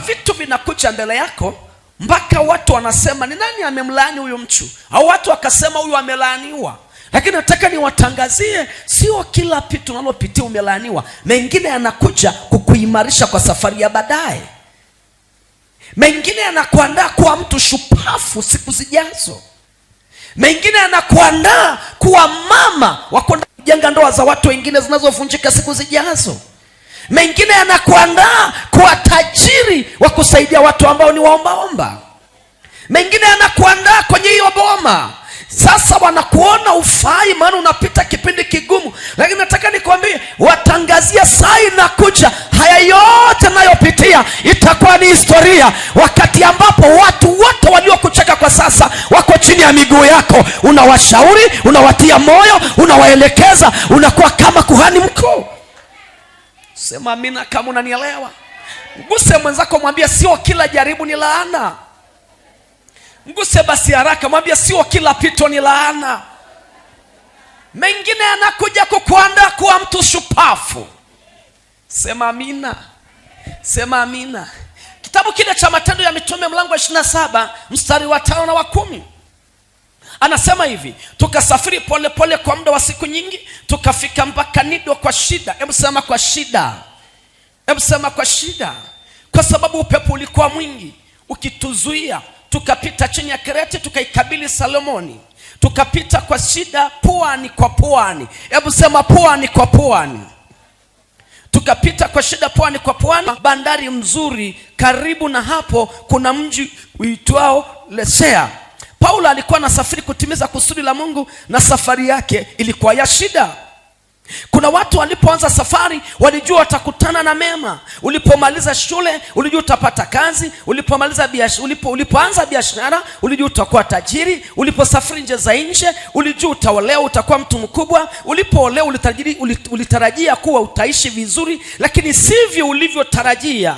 kuna vitu vinakuja mbele yako mpaka watu wanasema ni nani amemlaani huyu mtu, au watu wakasema huyu amelaaniwa. Lakini nataka niwatangazie, sio kila pitu unalopitia umelaaniwa. Mengine yanakuja kukuimarisha kwa safari ya baadaye, mengine yanakuandaa kuwa mtu shupafu siku zijazo, mengine yanakuandaa kuwa mama wa kujenga ndoa za watu wengine zinazovunjika siku zijazo mengine yanakuandaa kuwa tajiri wa kusaidia watu ambao ni waombaomba, mengine yanakuandaa kwenye hiyo boma. Sasa wanakuona ufai, maana unapita kipindi kigumu, lakini nataka nikwambie, watangazia saa inakuja, haya yote nayopitia itakuwa ni historia, wakati ambapo watu wote waliokucheka kwa sasa wako chini ya miguu yako. Unawashauri, unawatia moyo, unawaelekeza, unakuwa kama kuhani mkuu. Sema amina kama unanielewa. Mguse mwenzako, mwambie sio kila jaribu ni laana. Mguse basi haraka, mwambie sio kila pito ni laana. Mengine yanakuja kukuandaa kuwa mtu shupafu. Sema amina, sema amina. Kitabu kile cha Matendo ya Mitume mlango wa ishirini na saba mstari wa tano na wa kumi Anasema hivi, tukasafiri polepole kwa muda wa siku nyingi, tukafika mpaka Nido kwa shida. Hebu sema kwa shida, hebu sema kwa shida, kwa sababu upepo ulikuwa mwingi ukituzuia. Tukapita chini ya kreti tukaikabili Salomoni, tukapita kwa shida, puani kwa puani Hebu sema puani kwa puani tukapita kwa shida pwani kwa pwani, bandari mzuri. Karibu na hapo kuna mji uitwao Lesea. Paulo alikuwa anasafiri kutimiza kusudi la Mungu na safari yake ilikuwa ya shida. Kuna watu walipoanza safari walijua watakutana na mema. Ulipomaliza shule ulijua utapata kazi, ulipomaliza biashara, ulipo, ulipoanza biashara ulijua utakuwa tajiri, uliposafiri nje za nje ulijua utaolewa, utakuwa mtu mkubwa, ulipoolewa ulitarajia kuwa utaishi vizuri, lakini sivyo ulivyotarajia.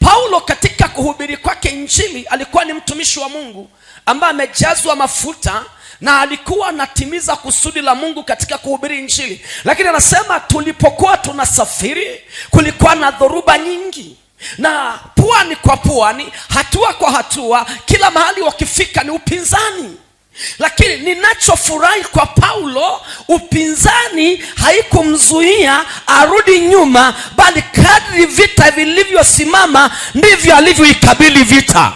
Paulo katika kuhubiri kwake Injili alikuwa ni mtumishi wa Mungu ambaye amejazwa mafuta na alikuwa anatimiza kusudi la Mungu katika kuhubiri Injili, lakini anasema tulipokuwa tunasafiri kulikuwa na dhoruba nyingi na pwani kwa pwani, hatua kwa hatua, kila mahali wakifika ni upinzani. Lakini ninachofurahi kwa Paulo, upinzani haikumzuia arudi nyuma, bali kadri vita vilivyosimama ndivyo alivyoikabili vita.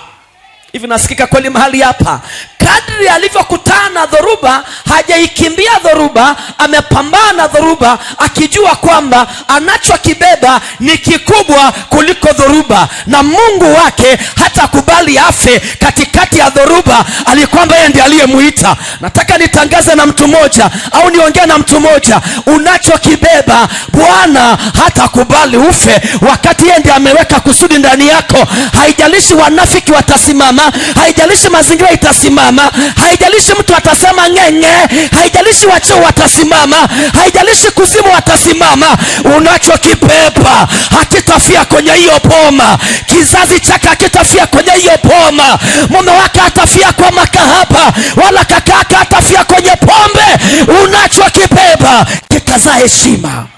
Hivi nasikika kweli mahali hapa? Kadri alivyokutana na dhoruba, hajaikimbia dhoruba, amepambana na dhoruba akijua kwamba anachokibeba ni kikubwa kuliko dhoruba, na Mungu wake hata afadhali afe katikati ya dhoruba alikwamba yeye ndiye aliyemuita. Nataka nitangaze na mtu mmoja au niongee na mtu mmoja, unachokibeba Bwana kubali ufe wakati yeye ndiye ameweka kusudi ndani yako. Haijalishi wanafiki watasimama, haijalishi mazingira itasimama, haijalishi mtu atasema ng'eng'e, haijalishi wachoo watasimama, haijalishi kuzimu watasimama, unachokibeba hakitafia kwenye hiyo boma, kizazi chake hakitafia kwenye hiyo pomba, mume wake atafia kwa makahaba, wala kakaka atafia kwenye pombe. Unachokibeba kitaza heshima.